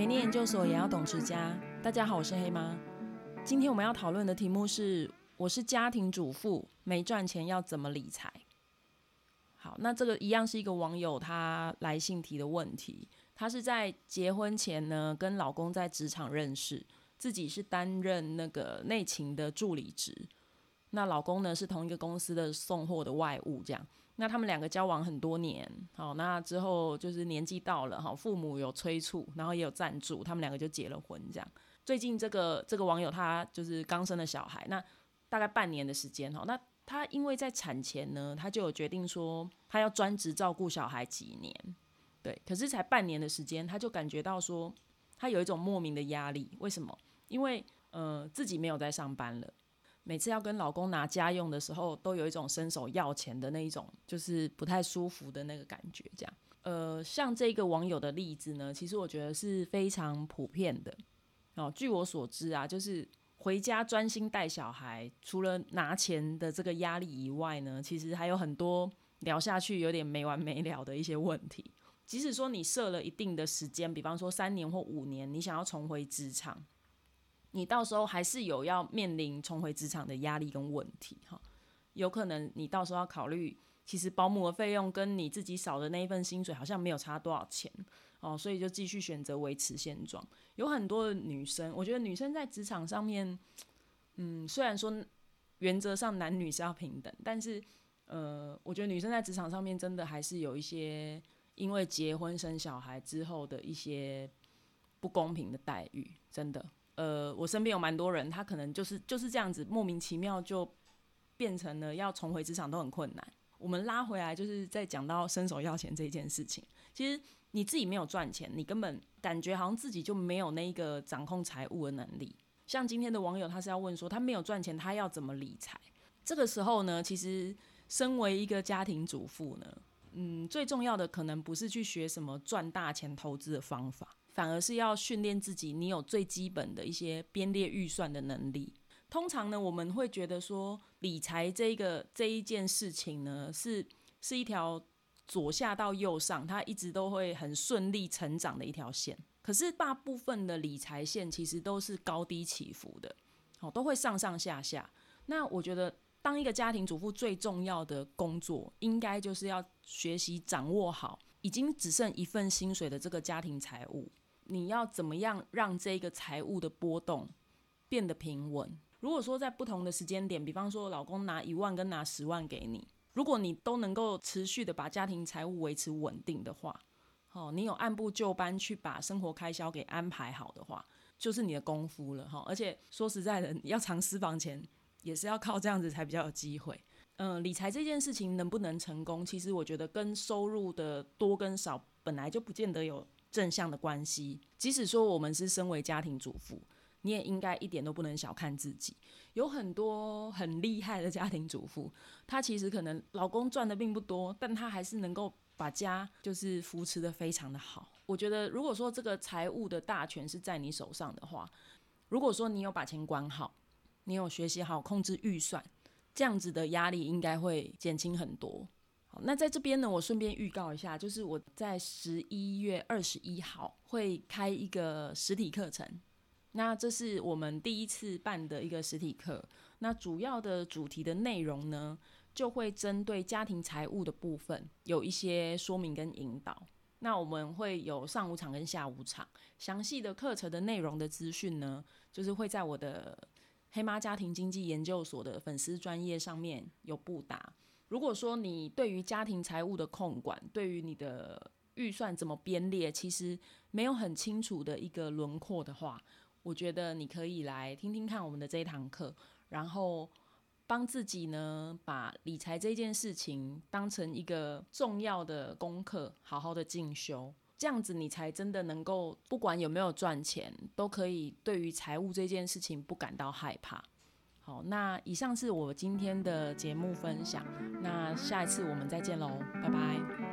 沒念研究所也要懂持家，大家好，我是黑媽。今天我們要討論的題目是：我是家庭主婦，沒賺錢要怎麼理財？好，那這個一樣是一個網友他來信提的問題。他是在結婚前呢，跟老公在職場認識，自己是擔任那個內勤的助理職。那老公呢是同一個公司的送貨的外務，這樣。那他們兩個交往很多年，好，那之後就是年紀到了，好，父母有催促，然後也有贊助，他們兩個就結了婚，這樣。最近這個這個網友他就是剛生了小孩，那大概半年的時間，好，那他因為在產前呢，他就有決定說他要專職照顧小孩幾年，對，可是才半年的時間，他就感覺到說他有一種莫名的壓力，為什麼？因為呃自己沒有在上班了。每次要跟老公拿家用的時候，都有一種伸手要錢的那一種，就是不太舒服的那個感覺。這樣，呃，像這個網友的例子呢，其實我覺得是非常普遍的。哦，據我所知啊，就是回家專心帶小孩，除了拿錢的這個壓力以外呢，其實還有很多聊下去有點沒完沒了的一些問題。即使說你設了一定的時間，比方說三年或五年，你想要重回職場。你到時候還是有要面臨重回職場的壓力跟問題哈，有可能你到時候要考慮，其實保姆的費用跟你自己少的那一份薪水好像沒有差多少錢哦，所以就繼續選擇維持現狀。有很多女生，我覺得女生在職場上面，嗯，雖然說原則上男女是要平等，但是呃，我覺得女生在職場上面真的還是有一些因為結婚生小孩之後的一些不公平的待遇，真的。呃，我身邊有蠻多人，他可能就是就是這樣子，莫名其妙就變成了要重回職場都很困難。我們拉回來，就是在講到伸手要錢這件事情。其實你自己沒有賺錢，你根本感覺好像自己就沒有那個掌控財務的能力。像今天的網友，他是要問說，他沒有賺錢，他要怎麼理財？這個時候呢，其實身為一個家庭主婦呢，嗯，最重要的可能不是去學什麼賺大錢投資的方法。反而是要訓練自己，你有最基本的一些編列預算的能力。通常呢，我們會覺得說理，理財這個這一件事情呢，是是一條左下到右上，它一直都會很順利成長的一條線。可是大部分的理財線其實都是高低起伏的，哦，都會上上下下。那我覺得，當一個家庭主婦最重要的工作，應該就是要學習掌握好。已經只剩一份薪水的這個家庭財務，你要怎麼樣讓這個財務的波動變得平穩？如果說在不同的時間點，比方說老公拿一萬跟拿十萬給你，如果你都能夠持續的把家庭財務維持穩定的話，哦，你有按部就班去把生活開銷給安排好的話，就是你的功夫了哈。而且說實在的，你要藏私房錢也是要靠這樣子才比較有機會。嗯，理財這件事情能不能成功，其實我覺得跟收入的多跟少本來就不見得有正向的關係。即使說我們是身為家庭主婦，你也應該一點都不能小看自己。有很多很厲害的家庭主婦，她其實可能老公賺的並不多，但她還是能夠把家就是扶持的非常的好。我覺得如果說這個財務的大權是在你手上的話，如果說你有把錢管好，你有學習好控制預算。這樣子的壓力應該會減輕很多。好，那在這邊呢，我順便預告一下，就是我在十一月二十一號會開一個實體課程。那這是我們第一次辦的一個實體課。那主要的主題的內容呢，就會針對家庭財務的部分有一些說明跟引導。那我們會有上午場跟下午場。詳細的課程的內容的資訊呢，就是會在我的。黑媽家庭經濟研究所的粉絲專頁上面有佈達。如果說你對於家庭財務的控管，對於你的預算怎麼編列，其實沒有很清楚的一個輪廓的話，我覺得你可以來聽聽看我們的這一堂課，然後幫自己呢把理財這件事情當成一個重要的功課，好好的進修。這樣子你才真的能夠，不管有沒有賺錢，都可以對於財務這件事情不感到害怕。好，那以上是我今天的節目分享，那下一次我們再見嘍，拜拜。